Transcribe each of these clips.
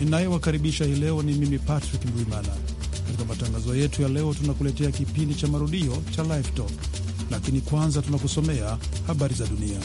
ninayewakaribisha hii leo ni mimi Patrick Ndwimana. Katika matangazo yetu ya leo, tunakuletea kipindi cha marudio cha Live Talk, lakini kwanza tunakusomea habari za dunia.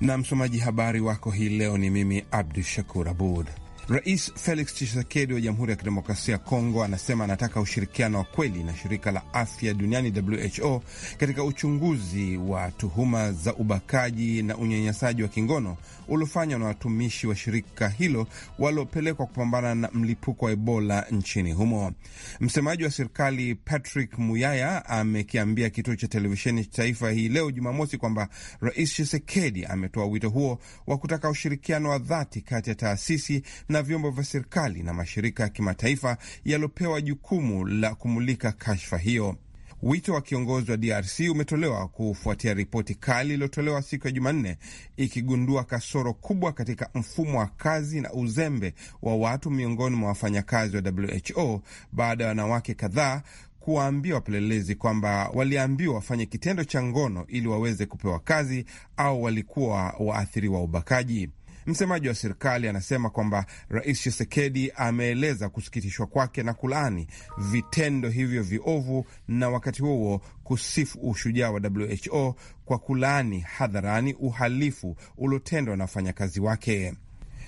Na msomaji habari wako hii leo ni mimi Abdu Shakur Abud. Rais Felix Tshisekedi wa Jamhuri ya Kidemokrasia ya Kongo anasema anataka ushirikiano wa kweli na shirika la afya duniani WHO katika uchunguzi wa tuhuma za ubakaji na unyanyasaji wa kingono uliofanywa na watumishi wa shirika hilo waliopelekwa kupambana na mlipuko wa Ebola nchini humo. Msemaji wa serikali Patrick Muyaya amekiambia kituo cha televisheni taifa hii leo Jumamosi kwamba Rais Tshisekedi ametoa wito huo wa kutaka ushirikiano wa dhati kati ya taasisi na na vyombo vya serikali na mashirika ya kimataifa yaliyopewa jukumu la kumulika kashfa hiyo. Wito wa kiongozi wa DRC umetolewa kufuatia ripoti kali iliyotolewa siku ya Jumanne ikigundua kasoro kubwa katika mfumo wa kazi na uzembe wa watu miongoni mwa wafanyakazi wa WHO baada ya wanawake kadhaa kuwaambia wapelelezi kwamba waliambiwa wafanye kitendo cha ngono ili waweze kupewa kazi au walikuwa waathiriwa ubakaji. Msemaji wa serikali anasema kwamba Rais chisekedi ameeleza kusikitishwa kwake na kulaani vitendo hivyo viovu na wakati huo kusifu ushujaa wa WHO kwa kulaani hadharani uhalifu uliotendwa na wafanyakazi wake.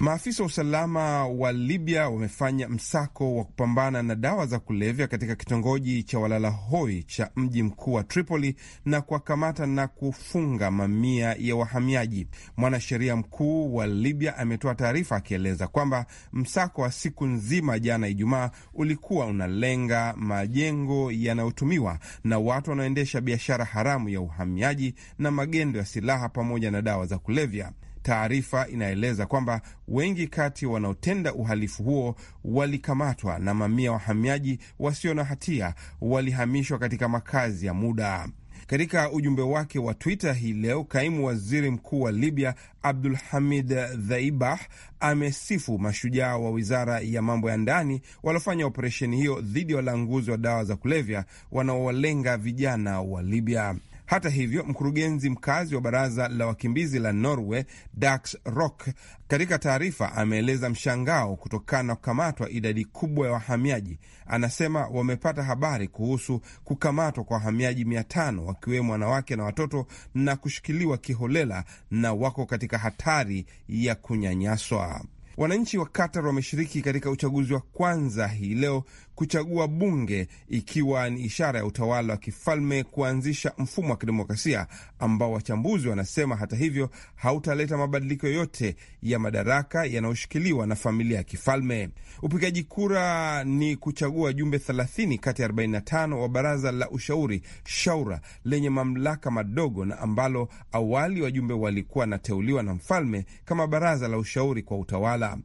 Maafisa wa usalama wa Libya wamefanya msako wa kupambana na dawa za kulevya katika kitongoji cha walala hoi cha mji mkuu wa Tripoli na kuwakamata na kufunga mamia ya wahamiaji. Mwanasheria mkuu wa Libya ametoa taarifa akieleza kwamba msako wa siku nzima jana Ijumaa ulikuwa unalenga majengo yanayotumiwa na watu wanaoendesha biashara haramu ya uhamiaji na magendo ya silaha pamoja na dawa za kulevya. Taarifa inaeleza kwamba wengi kati wanaotenda uhalifu huo walikamatwa na mamia wahamiaji wasio na hatia walihamishwa katika makazi ya muda. Katika ujumbe wake wa Twitter hii leo, kaimu waziri mkuu wa Libya Abdul Hamid Dhaibah amesifu mashujaa wa wizara ya mambo ya ndani waliofanya operesheni hiyo dhidi ya walanguzi wa dawa za kulevya wanaowalenga vijana wa Libya. Hata hivyo, mkurugenzi mkazi wa baraza la wakimbizi la Norway Dax Rock katika taarifa ameeleza mshangao kutokana na kukamatwa idadi kubwa ya wahamiaji. Anasema wamepata habari kuhusu kukamatwa kwa wahamiaji mia tano wakiwemo wanawake na watoto na kushikiliwa kiholela na wako katika hatari ya kunyanyaswa. Wananchi wa Qatar wameshiriki katika uchaguzi wa kwanza hii leo kuchagua bunge ikiwa ni ishara ya utawala wa kifalme kuanzisha mfumo wa kidemokrasia ambao wachambuzi wanasema hata hivyo hautaleta mabadiliko yoyote ya madaraka yanayoshikiliwa na familia ya kifalme. Upigaji kura ni kuchagua jumbe 30 kati ya 45 wa baraza la ushauri shaura lenye mamlaka madogo na ambalo awali wajumbe walikuwa wanateuliwa na mfalme kama baraza la ushauri kwa utawala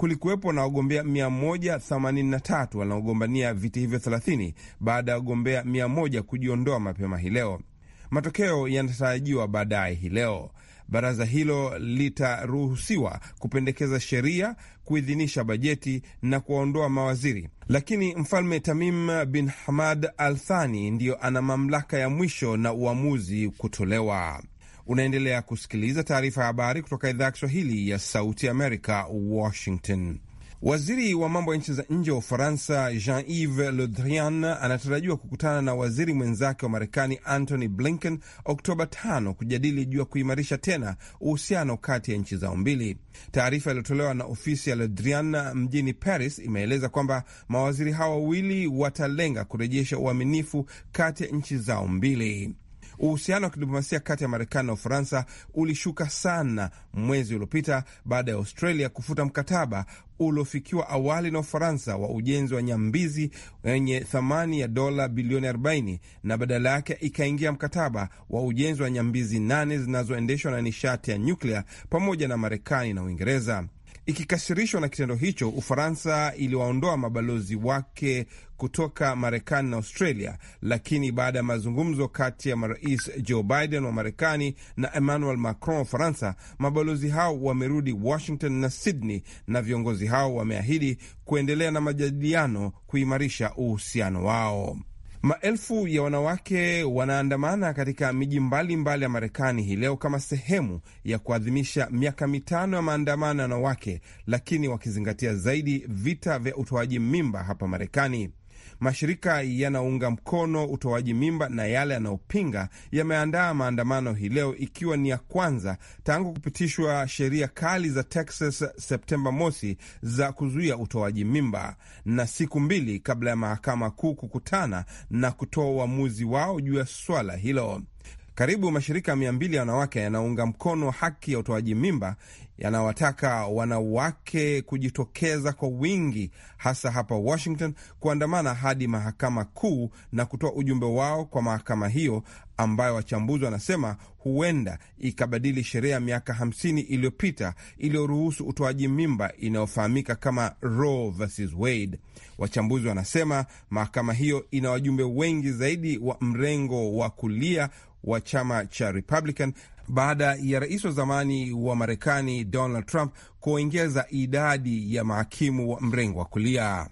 kulikuwepo na wagombea 183 wanaogombania viti hivyo 30 baada ya wagombea 100 kujiondoa mapema hii leo. Matokeo yanatarajiwa baadaye hii leo. Baraza hilo litaruhusiwa kupendekeza sheria, kuidhinisha bajeti na kuwaondoa mawaziri, lakini mfalme Tamim bin Hamad Al Thani ndiyo ana mamlaka ya mwisho na uamuzi kutolewa. Unaendelea kusikiliza taarifa ya habari kutoka idhaa ya Kiswahili ya Sauti Amerika, Washington. Waziri wa mambo ya nchi za nje wa Ufaransa Jean-Yves Le Drian anatarajiwa kukutana na waziri mwenzake wa Marekani Antony Blinken Oktoba 5 kujadili juu ya kuimarisha tena uhusiano kati ya nchi zao mbili. Taarifa iliyotolewa na ofisi ya Le Drian mjini Paris imeeleza kwamba mawaziri hao wawili watalenga kurejesha uaminifu kati ya nchi zao mbili. Uhusiano wa kidiplomasia kati ya Marekani na Ufaransa ulishuka sana mwezi uliopita baada ya Australia kufuta mkataba uliofikiwa awali na Ufaransa wa ujenzi wa nyambizi wenye thamani ya dola bilioni 40 na badala yake ikaingia mkataba wa ujenzi wa nyambizi nane zinazoendeshwa na nishati ya nyuklia pamoja na Marekani na Uingereza. Ikikasirishwa na kitendo hicho, Ufaransa iliwaondoa mabalozi wake kutoka Marekani na Australia, lakini baada ya mazungumzo kati ya marais Joe Biden wa Marekani na Emmanuel Macron wa Ufaransa, mabalozi hao wamerudi Washington na Sydney, na viongozi hao wameahidi kuendelea na majadiliano kuimarisha uhusiano wao. Maelfu ya wanawake wanaandamana katika miji mbalimbali ya Marekani hii leo kama sehemu ya kuadhimisha miaka mitano ya maandamano ya wanawake, lakini wakizingatia zaidi vita vya utoaji mimba hapa Marekani. Mashirika yanaunga mkono utoaji mimba na yale yanayopinga yameandaa maandamano hii leo, ikiwa ni ya kwanza tangu kupitishwa sheria kali za Texas Septemba mosi za kuzuia utoaji mimba na siku mbili kabla ya mahakama kuu kukutana na kutoa uamuzi wao juu ya swala hilo. Karibu mashirika mia mbili ya wanawake yanaunga mkono haki ya utoaji mimba, yanawataka wanawake kujitokeza kwa wingi, hasa hapa Washington, kuandamana hadi mahakama kuu na kutoa ujumbe wao kwa mahakama hiyo ambayo wachambuzi wanasema huenda ikabadili sheria ya miaka 50 iliyopita iliyoruhusu utoaji mimba inayofahamika kama Roe versus Wade. Wachambuzi wanasema mahakama hiyo ina wajumbe wengi zaidi wa mrengo wa kulia wa chama cha Republican baada ya rais wa zamani wa Marekani Donald Trump kuongeza idadi ya mahakimu wa mrengo wa kulia.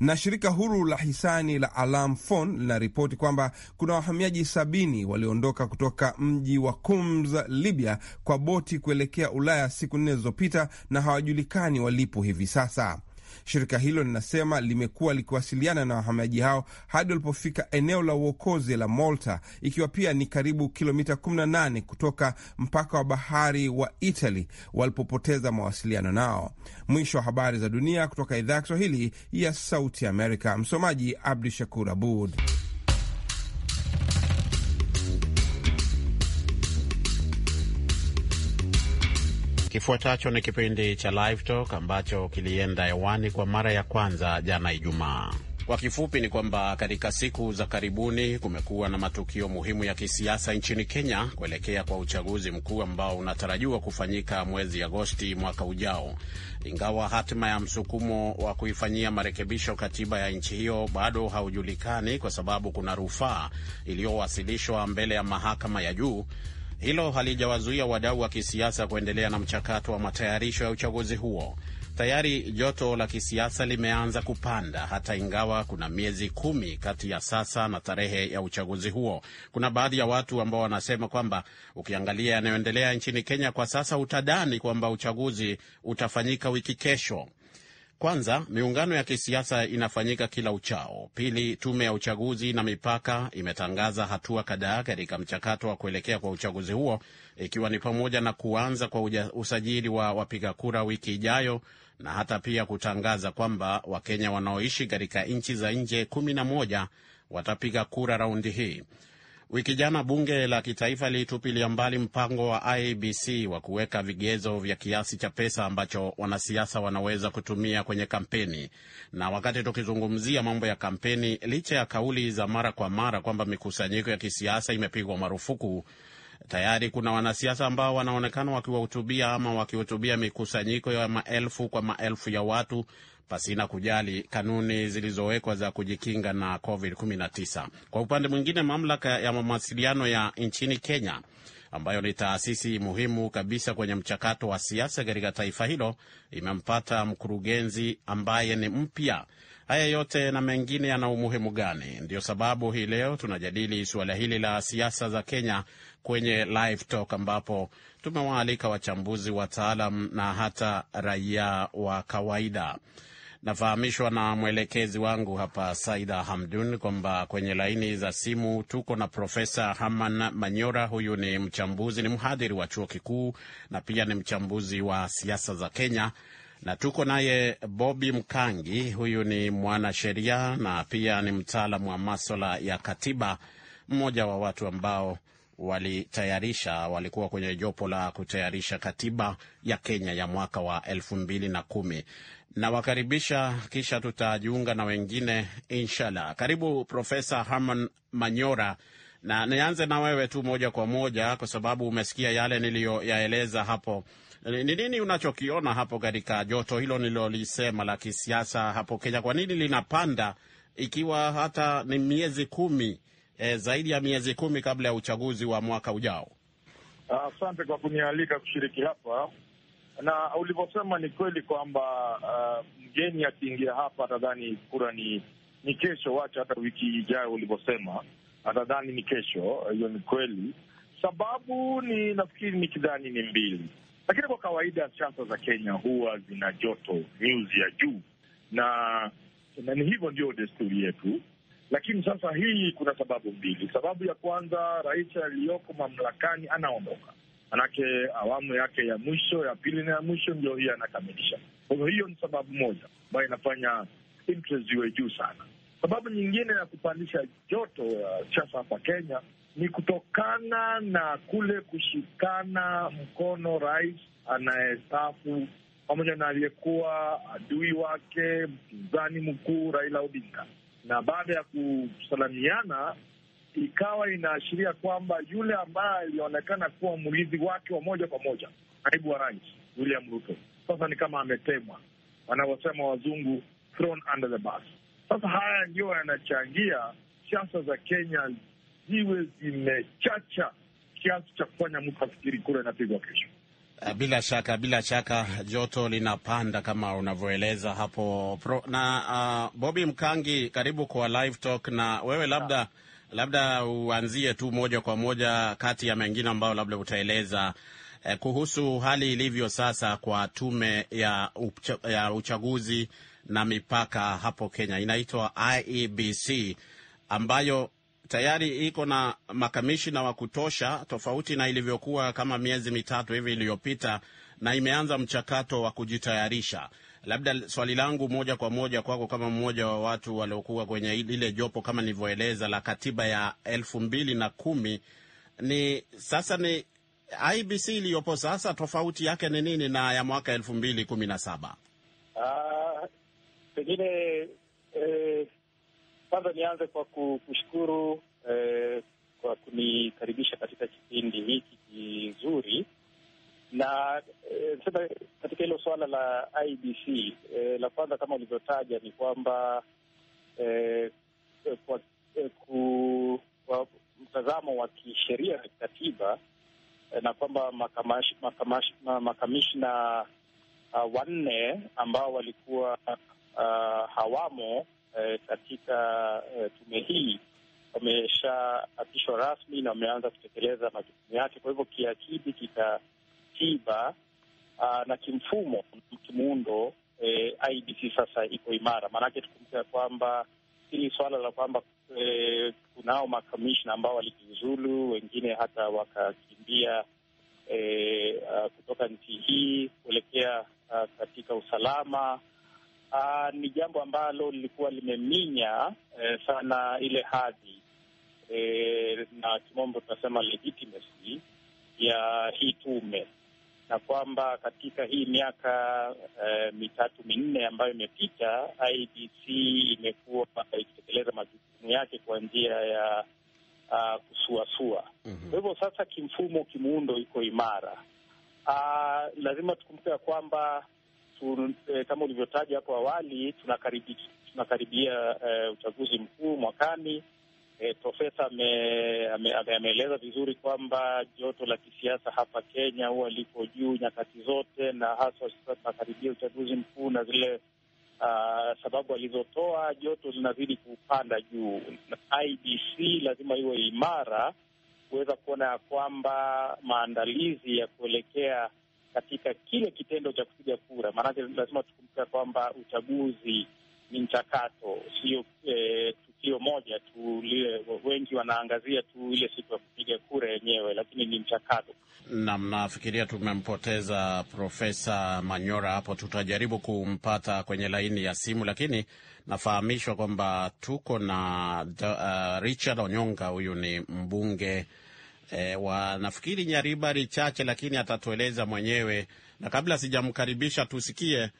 Na shirika huru la hisani la Alarm Phone linaripoti kwamba kuna wahamiaji sabini walioondoka kutoka mji wa Kums, Libya, kwa boti kuelekea Ulaya siku nne zilizopita na hawajulikani walipo hivi sasa. Shirika hilo linasema limekuwa likiwasiliana na wahamiaji hao hadi walipofika eneo la uokozi la Malta, ikiwa pia ni karibu kilomita 18 kutoka mpaka wa bahari wa Italy walipopoteza mawasiliano nao. Mwisho wa habari za dunia kutoka idhaa ya Kiswahili ya Sauti Amerika. Msomaji Abdu Shakur Abud. Kifuatacho ni kipindi cha Live Talk ambacho kilienda hewani kwa mara ya kwanza jana Ijumaa. Kwa kifupi ni kwamba katika siku za karibuni kumekuwa na matukio muhimu ya kisiasa nchini Kenya kuelekea kwa uchaguzi mkuu ambao unatarajiwa kufanyika mwezi Agosti mwaka ujao. Ingawa hatima ya msukumo wa kuifanyia marekebisho katiba ya nchi hiyo bado haujulikani, kwa sababu kuna rufaa iliyowasilishwa mbele ya mahakama ya juu hilo halijawazuia wadau wa kisiasa kuendelea na mchakato wa matayarisho ya uchaguzi huo. Tayari joto la kisiasa limeanza kupanda, hata ingawa kuna miezi kumi kati ya sasa na tarehe ya uchaguzi huo. Kuna baadhi ya watu ambao wanasema kwamba ukiangalia yanayoendelea nchini Kenya kwa sasa utadani kwamba uchaguzi utafanyika wiki kesho. Kwanza, miungano ya kisiasa inafanyika kila uchao. Pili, tume ya uchaguzi na mipaka imetangaza hatua kadhaa katika mchakato wa kuelekea kwa uchaguzi huo, ikiwa ni pamoja na kuanza kwa uja, usajili wa wapiga kura wiki ijayo na hata pia kutangaza kwamba Wakenya wanaoishi katika nchi za nje kumi na moja watapiga kura raundi hii. Wiki jana bunge la kitaifa lilitupilia mbali mpango wa ibc wa kuweka vigezo vya kiasi cha pesa ambacho wanasiasa wanaweza kutumia kwenye kampeni. Na wakati tukizungumzia mambo ya kampeni, licha ya kauli za mara kwa mara kwamba mikusanyiko ya kisiasa imepigwa marufuku, tayari kuna wanasiasa ambao wanaonekana wakiwahutubia ama wakihutubia mikusanyiko ya maelfu kwa maelfu ya watu pasina kujali kanuni zilizowekwa za kujikinga na COVID-19. Kwa upande mwingine, mamlaka ya mawasiliano ya nchini Kenya ambayo ni taasisi muhimu kabisa kwenye mchakato wa siasa katika taifa hilo imempata mkurugenzi ambaye ni mpya. Haya yote na mengine yana umuhimu gani? Ndio sababu hii leo tunajadili suala hili la siasa za Kenya kwenye Live Talk, ambapo tumewaalika wachambuzi, wataalam na hata raia wa kawaida. Nafahamishwa na mwelekezi wangu hapa Saida Hamdun kwamba kwenye laini za simu tuko na Profesa Haman Manyora. Huyu ni mchambuzi, ni mhadhiri wa chuo kikuu na pia ni mchambuzi wa siasa za Kenya, na tuko naye Bobi Mkangi. Huyu ni mwanasheria na pia ni mtaalamu wa maswala ya katiba, mmoja wa watu ambao walitayarisha, walikuwa kwenye jopo la kutayarisha katiba ya Kenya ya mwaka wa elfu mbili na kumi. Nawakaribisha, kisha tutajiunga na wengine inshallah. Karibu Profesa Herman Manyora, na nianze na wewe tu moja kwa moja, kwa sababu umesikia yale niliyoyaeleza hapo. Ni nini unachokiona hapo katika joto hilo nilolisema la kisiasa hapo Kenya? Kwa nini linapanda ikiwa hata ni miezi kumi eh, zaidi ya miezi kumi kabla ya uchaguzi wa mwaka ujao. Asante uh, kwa kunialika kushiriki hapa, na ulivyosema ni kweli kwamba uh, mgeni akiingia hapa atadhani kura ni ni kesho, wacha hata wiki ijayo. Ulivyosema atadhani ni kesho, hiyo ni kweli. Sababu ni nafikiri ni kidhani ni mbili, lakini kwa kawaida siasa za Kenya huwa zina joto nyuzi ya juu, na, na ni hivyo ndio desturi yetu lakini sasa hii kuna sababu mbili. Sababu ya kwanza, rais aliyoko mamlakani anaondoka, manake awamu yake ya mwisho ya pili na ya mwisho ndio hii anakamilisha. Kwa hiyo ni sababu moja ambayo inafanya interest iwe juu sana. Sababu nyingine ya kupandisha joto ya uh, siasa hapa Kenya ni kutokana na kule kushikana mkono rais anayestaafu pamoja na aliyekuwa adui wake mpinzani mkuu Raila Odinga na baada ya kusalamiana ikawa inaashiria kwamba yule ambaye alionekana kuwa mrithi wake wa moja kwa moja, naibu wa rais William Ruto, sasa ni kama ametemwa, wanavyosema wazungu thrown under the bus. Sasa haya ndiyo yanachangia siasa za Kenya ziwe zimechacha kiasi cha kufanya mtu afikiri kura inapigwa kesho. Eh, bila shaka bila shaka, joto linapanda kama unavyoeleza hapo pro, na uh, eh, Bobby Mkangi, karibu kwa live talk. Na wewe labda labda uanzie tu moja kwa moja kati ya mengine ambayo labda utaeleza eh, kuhusu hali ilivyo sasa kwa tume ya, ucha, ya uchaguzi na mipaka hapo Kenya inaitwa IEBC ambayo tayari iko na makamishina wa kutosha, tofauti na ilivyokuwa kama miezi mitatu hivi iliyopita, na imeanza mchakato wa kujitayarisha. Labda swali langu moja kwa moja kwako kama mmoja wa watu waliokuwa kwenye lile jopo kama nilivyoeleza la katiba ya elfu mbili na kumi ni sasa, ni IBC iliyopo sasa, tofauti yake ni nini na ya mwaka elfu mbili kumi na saba? Ah, pengine eh, kwanza nianze kwa kushukuru eh, kwa kunikaribisha katika kipindi hiki kizuri na eh, katika hilo suala la IBC eh, la kwanza kama ulivyotaja ni kwamba eh, eh, kwa, eh, ku, kwa mtazamo wa kisheria na kikatiba eh, na kwamba makamash, makamash, makamishna uh, wanne ambao walikuwa uh, hawamo eh, katika eh, tume hii wameshaapishwa rasmi na wameanza kutekeleza majukumu yake. Kwa hivyo kiakidi, kikatiba uh, ah, na kimfumo, kimuundo eh, IDC sasa iko imara. Maanake tukumbuka ya kwamba hili swala la kwamba eh, kunao makamishna ambao walijiuzulu, wengine hata wakakimbia eh, uh, kutoka nchi hii kuelekea uh, katika usalama uh, ni jambo ambalo lilikuwa limeminya eh, sana ile hadhi eh, na kimombo tunasema legitimacy ya hii tume, na kwamba katika hii miaka eh, mitatu minne ambayo imepita, IDC imekuwa ikitekeleza majukumu yake kwa njia ya uh, kusuasua. Mhm. Kwa mm hivyo -hmm. Sasa kimfumo, kimuundo iko imara. Uh, lazima tukumbuke ya kwamba Eh, kama ulivyotaja hapo awali tunakaribia, tunakaribia eh, uchaguzi mkuu mwakani. E, Profesa ameeleza ame, ame vizuri kwamba joto la kisiasa hapa Kenya huwa liko juu nyakati zote, na haswa sasa tunakaribia uchaguzi mkuu na zile Uh, sababu alizotoa joto linazidi kupanda juu. IBC lazima iwe imara kuweza kuona ya kwamba maandalizi ya kuelekea katika kile kitendo cha kupiga kura. Maanake lazima tukumbuka kwamba uchaguzi ni mchakato, sio eh, tukio moja tu lile. Wengi wanaangazia tu ile siku ya kupiga kura yenyewe, lakini ni mchakato. Naam, nafikiria tumempoteza Profesa Manyora hapo. Tutajaribu kumpata kwenye laini ya simu, lakini nafahamishwa kwamba tuko na uh, Richard Onyonga. Huyu ni mbunge e, eh, wa nafikiri Nyaribari chache, lakini atatueleza mwenyewe. Na kabla sijamkaribisha, tusikie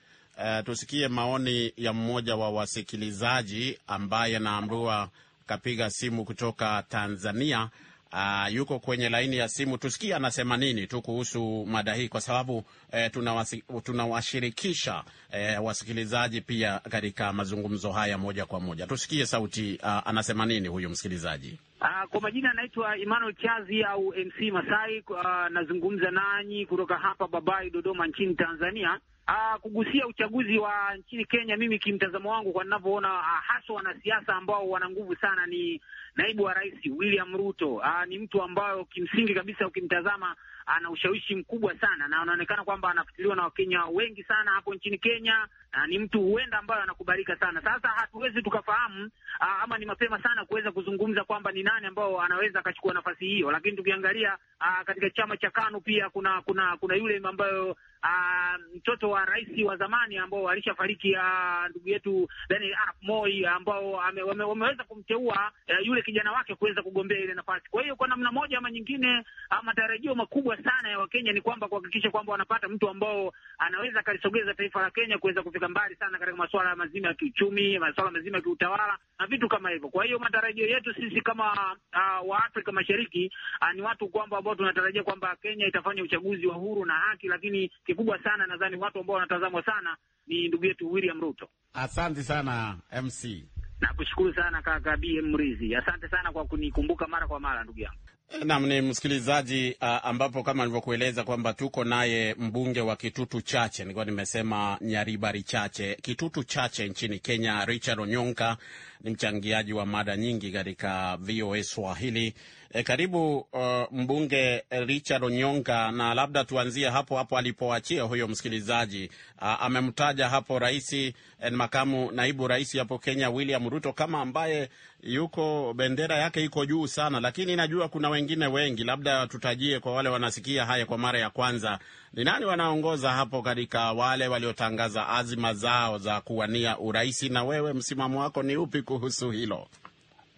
e, tusikie maoni ya mmoja wa wasikilizaji ambaye anaamrua kapiga simu kutoka Tanzania Uh, yuko kwenye laini ya simu, tusikie anasema nini tu kuhusu mada hii, kwa sababu eh, tunawashirikisha eh, wasikilizaji pia katika mazungumzo haya moja kwa moja. Tusikie sauti, uh, anasema nini huyu msikilizaji. Uh, kwa majina anaitwa Emmanuel Chazi au MC Masai. Uh, nazungumza nanyi kutoka hapa Babai, Dodoma nchini Tanzania. Uh, kugusia uchaguzi wa nchini Kenya, mimi kimtazamo wangu, kwa ninavyoona, uh, haswa wanasiasa ambao wana nguvu sana ni naibu wa rais William Ruto. Aa, ah, ni mtu ambayo kimsingi kabisa ukimtazama ana ushawishi mkubwa sana na anaonekana kwamba anafikiriwa na Wakenya wengi sana hapo nchini Kenya, na ni mtu huenda ambayo anakubalika sana. Sasa hatuwezi tukafahamu ah, ama ni mapema sana kuweza kuzungumza kwamba ni nani ambao anaweza akachukua nafasi hiyo, lakini tukiangalia ah, katika chama cha KANU pia kuna kuna kuna yule ambayo ah, mtoto wa rais wa zamani ambao alishafariki ndugu yetu yani Arap Moi ambao wameweza wame, kumteua eh, yule kijana wake kuweza kugombea ile nafasi. Kwa hiyo kwa namna moja ama nyingine, matarajio makubwa sana ya Wakenya ni kwamba kuhakikisha kwamba wanapata mtu ambao anaweza akalisogeza taifa la Kenya kuweza kufika mbali sana katika masuala mazima ya kiuchumi, masuala mazima ya kiutawala na vitu kama hivyo. Kwa hiyo matarajio yetu sisi kama uh, Waafrika Mashariki uh, ni watu kwamba ambao tunatarajia kwamba Kenya itafanya uchaguzi wa huru na haki, lakini kikubwa sana nadhani watu ambao wanatazamwa sana ni ndugu yetu William Ruto. Asante sana MC. Nakushukuru sana kaka BM Mrizi. Asante sana kwa kunikumbuka mara kwa mara ndugu yangu. Nam ni msikilizaji uh, ambapo kama nilivyokueleza kwamba tuko naye mbunge wa Kitutu Chache, nilikuwa nimesema Nyaribari Chache, Kitutu Chache nchini Kenya. Richard Onyonka ni mchangiaji wa mada nyingi katika VOA Swahili. E, karibu uh, mbunge Richard Onyonka, na labda tuanzie hapo hapo alipoachia huyo msikilizaji. Uh, amemtaja hapo raisi, eh, makamu naibu rais hapo Kenya William Ruto kama ambaye yuko bendera yake iko juu sana, lakini najua kuna wengine wengi, labda tutajie kwa wale wanasikia haya kwa mara ya kwanza, ni nani wanaongoza hapo katika wale waliotangaza azima zao za kuwania urahisi Na wewe msimamo wako ni upi kuhusu hilo?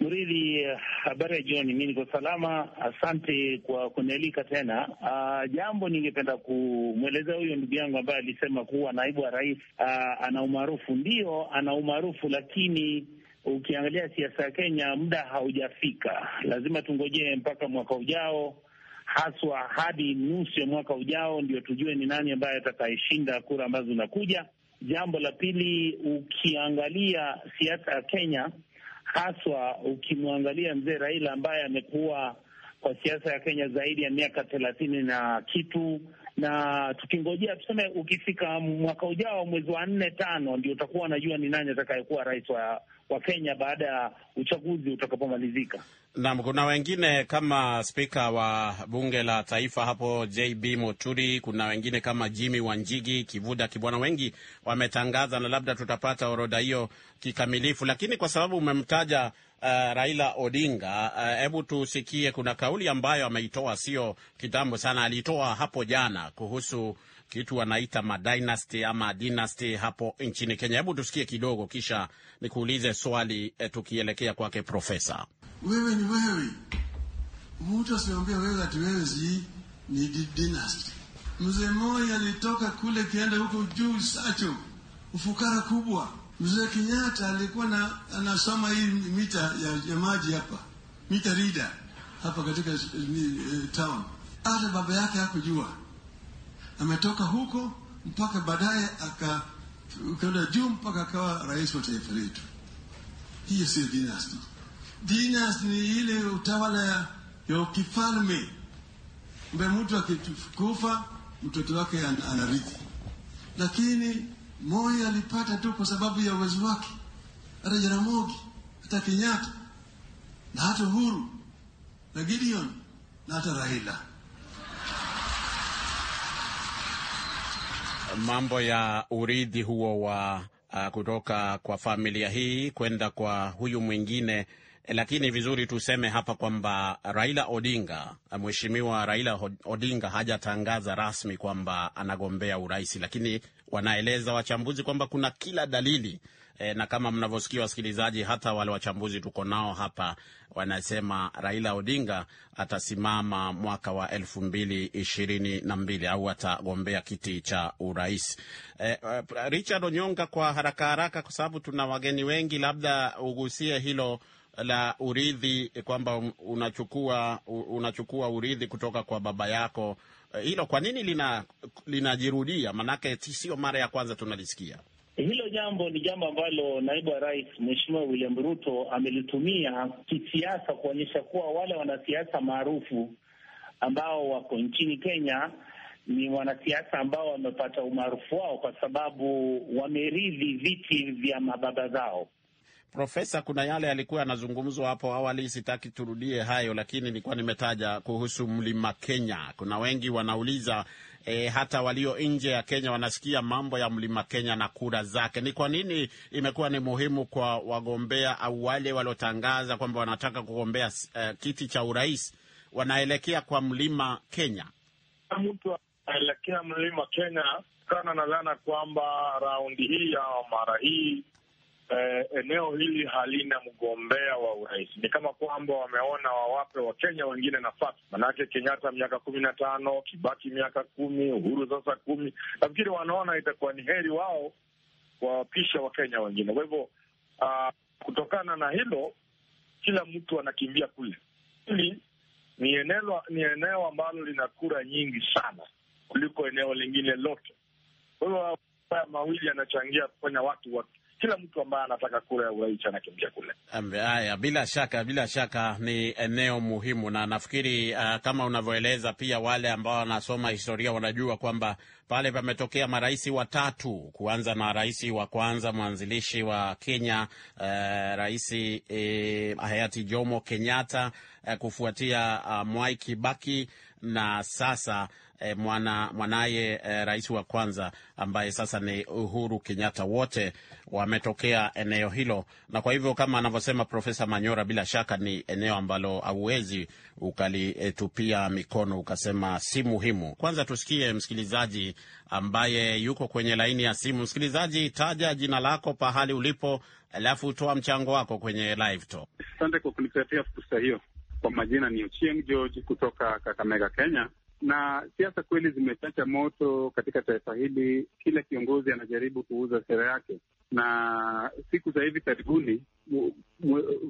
Mridhi, habari ya jioni. Mi niko salama, asante kwa kunialika tena. Uh, jambo ningependa kumwelezea huyo ndugu yangu ambaye alisema kuwa naibu wa rais uh, ana umaarufu. ndio ana umaarufu, lakini ukiangalia siasa ya Kenya muda haujafika, lazima tungojee mpaka mwaka ujao, haswa hadi nusu ya mwaka ujao ndio tujue ni nani ambaye atakayeshinda kura ambazo zinakuja. Jambo la pili, ukiangalia siasa ya Kenya haswa ukimwangalia mzee Raila ambaye amekuwa kwa siasa ya Kenya zaidi ya miaka thelathini na kitu, na tukingojea tuseme, ukifika mwaka ujao mwezi wa nne tano, ndio utakuwa unajua ni nani atakayekuwa rais wa kenya baada ya uchaguzi utakapomalizika. Naam, kuna wengine kama spika wa bunge la taifa hapo JB Moturi, kuna wengine kama Jimmy Wanjigi, Kivuda Kibwana, wengi wametangaza, na labda tutapata orodha hiyo kikamilifu, lakini kwa sababu umemtaja uh, Raila Odinga, uh, hebu uh, tusikie, kuna kauli ambayo ameitoa sio kitambo sana, aliitoa hapo jana kuhusu kitu wanaita madynasty ama dynasty hapo nchini Kenya. Hebu tusikie kidogo, kisha nikuulize swali eh, tukielekea kwake profesa wewe ni wewe. Mtu asiambia wewe ati wewe si ni dynasty. Mzee Moi alitoka kule kienda huko juu Sacho, ufukara kubwa. Mzee Kenyatta alikuwa na, anasoma hii mita ya, ya maji hapa mita rida hapa katika ni, uh, eh, town. Hata baba yake hakujua ametoka huko mpaka baadaye akaenda juu mpaka akawa rais wa taifa letu. Hiyo sio dynasty dinas ni ile utawala ya kifalme mbe mtu akikufa mtoto wake anarithi, lakini Moi alipata tu kwa sababu ya uwezo wake, hata Jaramogi, hata Kenyatta na hata Uhuru na Gideon na hata Raila. Mambo ya urithi huo wa uh, kutoka kwa familia hii kwenda kwa huyu mwingine Eh, lakini vizuri tuseme hapa kwamba Raila Odinga, eh, mheshimiwa Raila Odinga hajatangaza rasmi kwamba anagombea urais, lakini wanaeleza wachambuzi kwamba kuna kila dalili e, na kama mnavyosikia wasikilizaji, hata wale wachambuzi tuko nao hapa wanasema Raila Odinga atasimama mwaka wa elfu mbili ishirini na mbili au atagombea kiti cha urais. E, Richard Onyonga, kwa haraka haraka, kwa sababu tuna wageni wengi, labda ugusie hilo la urithi kwamba unachukua unachukua urithi kutoka kwa baba yako, eh, hilo kwa nini lina linajirudia? Maanake sio mara ya kwanza tunalisikia hilo jambo. Ni jambo ambalo naibu wa rais Mheshimiwa William Ruto amelitumia kisiasa kuonyesha kuwa wale wanasiasa maarufu ambao wako nchini Kenya ni wanasiasa ambao wamepata umaarufu wao kwa sababu wameridhi viti vya mababa zao. Profesa, kuna yale yalikuwa yanazungumzwa hapo awali, sitaki turudie hayo, lakini nilikuwa nimetaja kuhusu mlima Kenya. Kuna wengi wanauliza e, hata walio nje ya Kenya wanasikia mambo ya mlima Kenya na kura zake. Ni kwa nini imekuwa ni muhimu kwa wagombea au wale waliotangaza kwamba wanataka kugombea uh, kiti cha urais wanaelekea kwa mlima Kenya? Mtu anaelekea mlima Kenya kana nadhana kwamba raundi hii ama mara hii eh, eneo hili halina mgombea wa urais. Ni kama kwamba wameona wawape Wakenya wengine nafasi, manake Kenyatta miaka kumi na tano, Kibaki miaka kumi, Uhuru sasa kumi. Nafikiri wanaona itakuwa ni heri wao kuwawapisha Wakenya wengine. Kwa hivyo uh, kutokana na hilo, kila mtu anakimbia kule. Hili ni eneo, ni eneo ambalo lina kura nyingi sana kuliko eneo lingine lote. Kwa hivyo mawili yanachangia kufanya watu watu kila mtu ambaye anataka kura ya urais anakimbia kule. Haya, bila shaka, bila shaka ni eneo muhimu, na nafikiri uh, kama unavyoeleza pia, wale ambao wanasoma historia wanajua kwamba pale pametokea marais watatu, kuanza na rais wa kwanza mwanzilishi wa Kenya, uh, rais uh, hayati Jomo Kenyatta, uh, kufuatia uh, Mwai Kibaki na sasa eh, mwana, mwanaye eh, rais wa kwanza ambaye sasa ni Uhuru Kenyatta, wote wametokea eneo hilo, na kwa hivyo kama anavyosema Profesa Manyora, bila shaka ni eneo ambalo hauwezi ukalitupia eh, mikono ukasema si muhimu. Kwanza tusikie msikilizaji ambaye yuko kwenye laini ya simu. Msikilizaji, taja jina lako, pahali ulipo, alafu toa mchango wako kwenye live talk. Asante kwa kunipatia fursa hiyo. Kwa majina ni Ochieng George kutoka Kakamega, Kenya na siasa kweli zimechacha moto katika taifa hili. Kila kiongozi anajaribu kuuza sera yake, na siku za hivi karibuni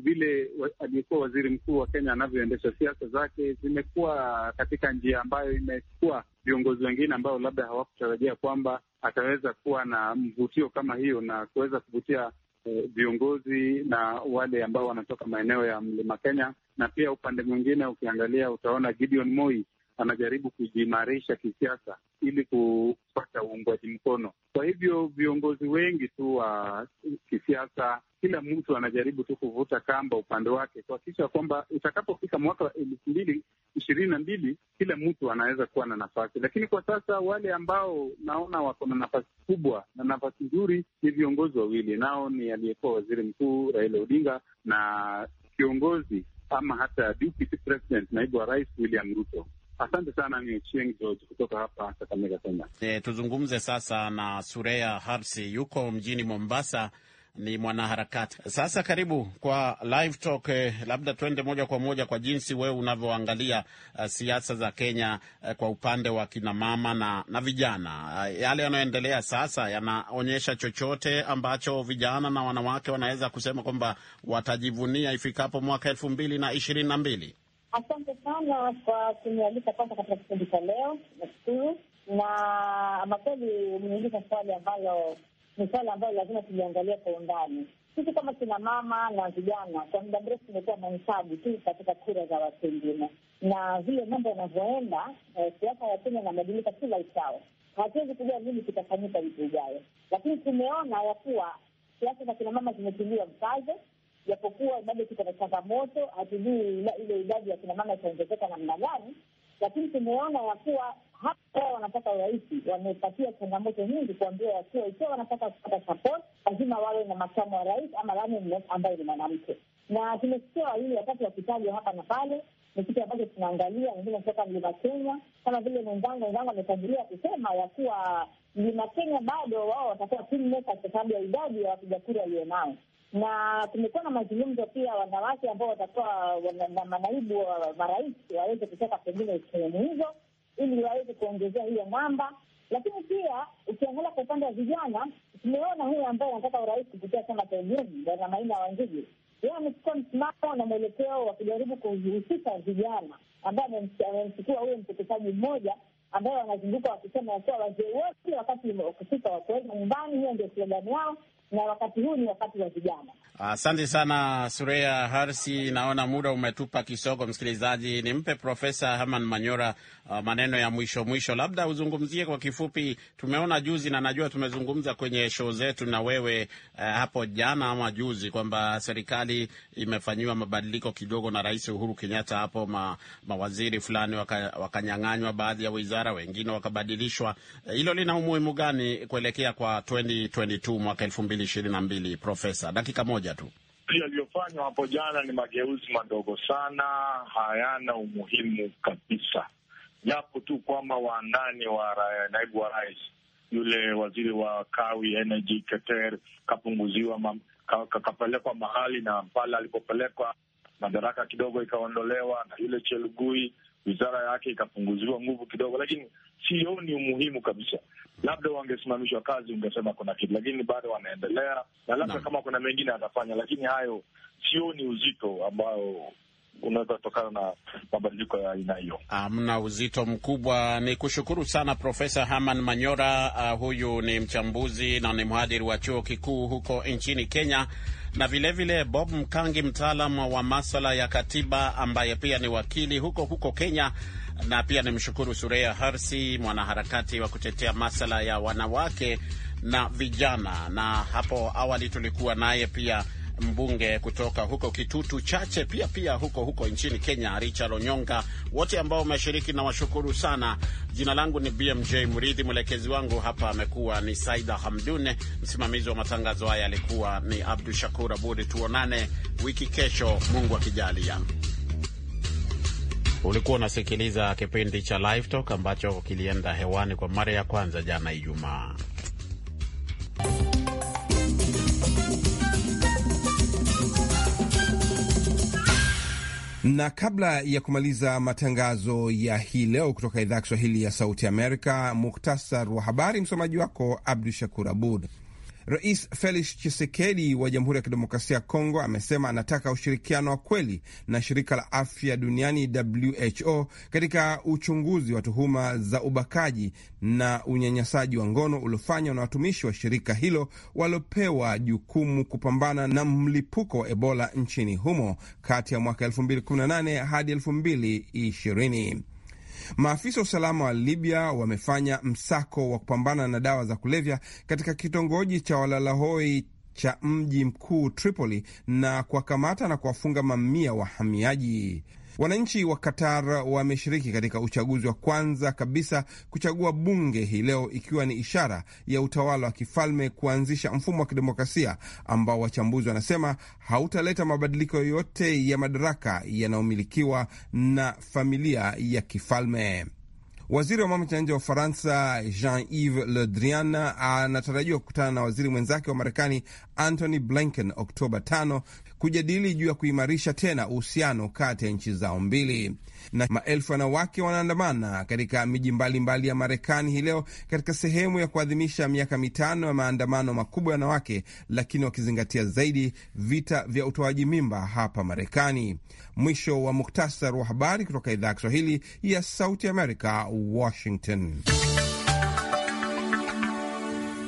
vile aliyekuwa waziri mkuu wa Kenya anavyoendesha siasa zake zimekuwa katika njia ambayo imekuwa viongozi wengine ambao labda hawakutarajia kwamba ataweza kuwa na mvutio kama hiyo na kuweza kuvutia eh, viongozi na wale ambao wanatoka maeneo ya mlima Kenya. Na pia upande mwingine ukiangalia, utaona Gideon Moi anajaribu kujiimarisha kisiasa ili kupata uungwaji mkono. Kwa hivyo viongozi wengi tu wa kisiasa, kila mtu anajaribu tu kuvuta kamba upande wake, kuhakikisha kwamba itakapofika mwaka wa elfu mbili ishirini na mbili kila mtu anaweza kuwa na nafasi. Lakini kwa sasa wale ambao naona wako na nafasi kubwa na nafasi nzuri ni viongozi wawili, nao ni aliyekuwa waziri mkuu Raila Odinga na kiongozi ama hata deputy president, naibu wa rais William Ruto. Asante sana, ni Ochieng George kutoka hapa Kakamega, Kenya. E, tuzungumze sasa na Surea Harsi, yuko mjini Mombasa, ni mwanaharakati. Sasa karibu kwa live talk. Eh, labda tuende moja kwa moja kwa jinsi wewe unavyoangalia uh, siasa za Kenya uh, kwa upande wa kinamama na, na vijana uh, yale yanayoendelea sasa yanaonyesha chochote ambacho vijana na wanawake wanaweza kusema kwamba watajivunia ifikapo mwaka elfu mbili na ishirini na mbili? Asante sana kwa kunialika kwanza katika kipindi cha leo, nashukuru. Na makweli umeuliza swali ambalo ni swali ambalo lazima tuliangalia kwa undani. Sisi kama kina mama na vijana, kwa muda mrefu tumekuwa mahesabu tu katika kura za watu wengine, na vile mambo yanavyoenda, eh, siasa ya Kenya inabadilika kila uchao. Hatuwezi kujua nini kitafanyika wiki ijayo, lakini tumeona ya kuwa siasa za kinamama zimetiliwa mkazo japokuwa bado tuko na changamoto, hatujui ile idadi ya kinamama itaongezeka namna gani, lakini tumeona ya kuwa hapa wanataka urais, wamepatia changamoto nyingi kuambia ya kuwa ikiwa wanataka kupata support lazima wawe na makamu wa rais ama running ambaye ni mwanamke, na tumesikia wawili wakati wakitajwa hapa na pale ni kitu ambacho tunaangalia wengine kutoka mlima Kenya, kama vile mwenzangu mwenzangu ametangulia kusema ya kuwa mlima Kenya bado wao watakuwa kwa sababu ya idadi ya wapiga kura walionao na kumekuwa na mazungumzo pia, wanawake ambao watakuwa na manaibu wa marais waweze kutoka pengine sehemu hizo, ili waweze kuongezea hiyo namba. Lakini pia ukiangalia kwa upande wa vijana, tumeona huyo ambaye anataka urais kupitia chama cha Ugeni, Bwana Maina wa Ngigi, yeye amechukua msimamo na mwelekeo wa kujaribu kuhusika vijana, ambaye amemchukua huyo mtekesaji mmoja ambaye wanazunguka wakisema wakiwa wazee wote wakati kufika wakuweza nyumbani. Hiyo ndio slogani yao na wakati huu ni wakati wa vijana. Asante sana Surea Harsi, naona muda umetupa kisogo. Msikilizaji, nimpe Profesa Herman Manyora Ah, maneno ya mwisho mwisho, labda uzungumzie kwa kifupi. Tumeona juzi na najua tumezungumza kwenye show zetu na wewe uh, hapo jana ama juzi kwamba serikali imefanyiwa mabadiliko kidogo na Rais Uhuru Kenyatta. Hapo ma, mawaziri fulani wakanyang'anywa waka baadhi ya wizara, wengine wakabadilishwa. Eh, hilo lina umuhimu gani kuelekea kwa 2022 mwaka 2022? Profesa, dakika moja tu yaliyofanywa hapo jana ni mageuzi madogo sana, hayana umuhimu kabisa japo tu kwamba wandani wa naibu wa rais yule waziri wa kawi energy Keter kapunguziwa ma, kakapelekwa mahali na pale alipopelekwa madaraka kidogo ikaondolewa, na yule Chelugui wizara yake ikapunguziwa nguvu kidogo, lakini sioni umuhimu kabisa. Labda wangesimamishwa kazi, ungesema kuna kitu, lakini bado wanaendelea, na labda kama kuna mengine atafanya, lakini hayo sioni uzito ambao unaweza kutokana na mabadiliko ya aina hiyo. Amna uzito mkubwa. Ni kushukuru sana Profesa Haman Manyora. Uh, huyu ni mchambuzi na ni mhadiri wa chuo kikuu huko nchini Kenya, na vilevile vile Bob Mkangi, mtaalamu wa maswala ya katiba ambaye pia ni wakili huko huko Kenya, na pia ni mshukuru Sureya Harsi, mwanaharakati wa kutetea masala ya wanawake na vijana, na hapo awali tulikuwa naye pia mbunge kutoka huko Kitutu Chache, pia pia huko huko nchini Kenya, Richard Onyonga, wote ambao wameshiriki na washukuru sana. Jina langu ni BMJ Mridhi, mwelekezi wangu hapa amekuwa ni Saida Hamdune, msimamizi wa matangazo haya alikuwa ni Abdu Shakur Abud. Tuonane wiki kesho, Mungu akijalia. Ulikuwa unasikiliza kipindi cha Live Talk ambacho kilienda hewani kwa mara ya kwanza jana Ijumaa. Na kabla ya kumaliza matangazo ya hii leo kutoka idhaa ya Kiswahili ya Sauti Amerika, muktasar wa habari, msomaji wako Abdu Shakur Abud. Rais Felix Tshisekedi wa Jamhuri ya Kidemokrasia ya Kongo amesema anataka ushirikiano wa kweli na shirika la afya duniani WHO katika uchunguzi wa tuhuma za ubakaji na unyanyasaji wa ngono uliofanywa na watumishi wa shirika hilo waliopewa jukumu kupambana na mlipuko wa Ebola nchini humo kati ya mwaka 2018 hadi 2020. Maafisa wa usalama wa Libya wamefanya msako wa kupambana na dawa za kulevya katika kitongoji cha walalahoi cha mji mkuu Tripoli na kuwakamata na kuwafunga mamia wahamiaji. Wananchi wa Qatar wameshiriki katika uchaguzi wa kwanza kabisa kuchagua bunge hii leo, ikiwa ni ishara ya utawala wa kifalme kuanzisha mfumo wa kidemokrasia ambao wachambuzi wanasema hautaleta mabadiliko yoyote ya madaraka yanayomilikiwa na familia ya kifalme. Waziri wa mambo ya nje wa Ufaransa Jean-Yves Le Drian anatarajiwa kukutana na waziri mwenzake wa Marekani Antony Blinken Oktoba tano kujadili juu ya kuimarisha tena uhusiano kati ya nchi zao mbili. Na maelfu ya wanawake wanaandamana katika miji mbalimbali ya Marekani hii leo katika sehemu ya kuadhimisha miaka mitano ya maandamano makubwa ya wanawake, lakini wakizingatia zaidi vita vya utoaji mimba hapa Marekani. Mwisho wa muktasar wa habari kutoka idhaa ya Kiswahili ya Sauti Amerika, Washington.